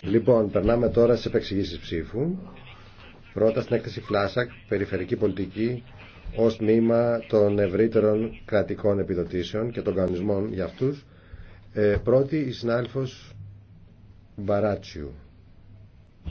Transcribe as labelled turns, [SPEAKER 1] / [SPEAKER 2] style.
[SPEAKER 1] Λοιπόν, περνάμε τώρα στι επεξηγήσει ψήφου.
[SPEAKER 2] Πρώτα στην έκθεση Φλάσακ, περιφερική πολιτική ω τμήμα των ευρύτερων κρατικών επιδοτήσεων και των κανονισμών για αυτού. Ε, πρώτη, η συνάδελφο Μπαράτσιου.